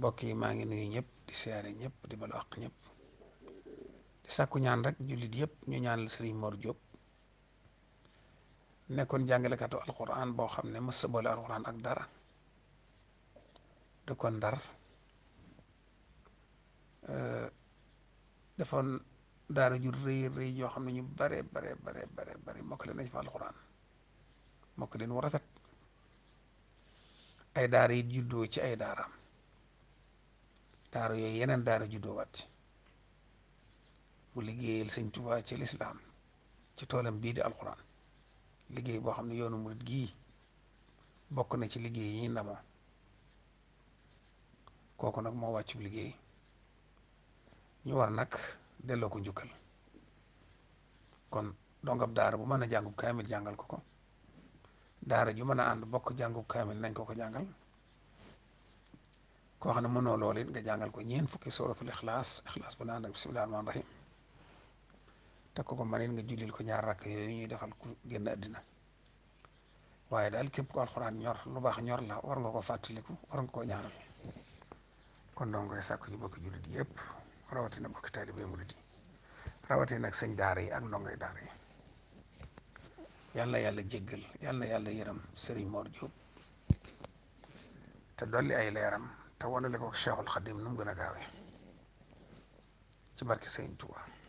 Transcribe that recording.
bokki ma ngi nuyu ñep di séré ñep di bal ak ñep di sakku ñaan rek julit yep ñu ñaanal serigne Mor Diop jangale katu alquran bo xamne ne mës a alquran ak dara dar euh defon dara ju reey reey yoo xamne ñu bare bare bare bare bare mokk leen fa alquran mokk leen war ay daara yi juddo ci ay daaram daaro yo yenen daaro juddo watte mu liggéeyel sëñ tuba ci l'islam ci toolam bii di alquran liggéey boo xam ne yoonu murit gii bokk na ci liggéey yi ndamo kooku nag moo wàccub liggéey ñu war nag delloo ko njukkal kon dongab daara bu mën a jàngub kaamil jàngal ko ko daara ju mën a ànd bokk jàngub kaamil nañ ko ko jàngal koo xam ne mënoo lool nga jàngal ko ñeen fukki suratul ikhlas ikhlas bu naan ak bismillahi rahim te ko ko nga julil ko ñaar rakk yooyu ñuy defal ku génn àddina waaye daal képp ko alxuraan ñor lu baax ñor la war nga ko fàttaliku war nga koo ñaanal kon dong koy sàkku ñu bokk julit yépp rawatina bokki taalibe murit yi rawati ak sëñ daara yi ak ndongay daara yi yàlla yàlla jéggal yàlla yàlla yërëm Serigne Mor Diop te dolli ay leeram te wanale ko Cheikhul Khadim nu mu gën a gaawee ci barke Serigne Touba.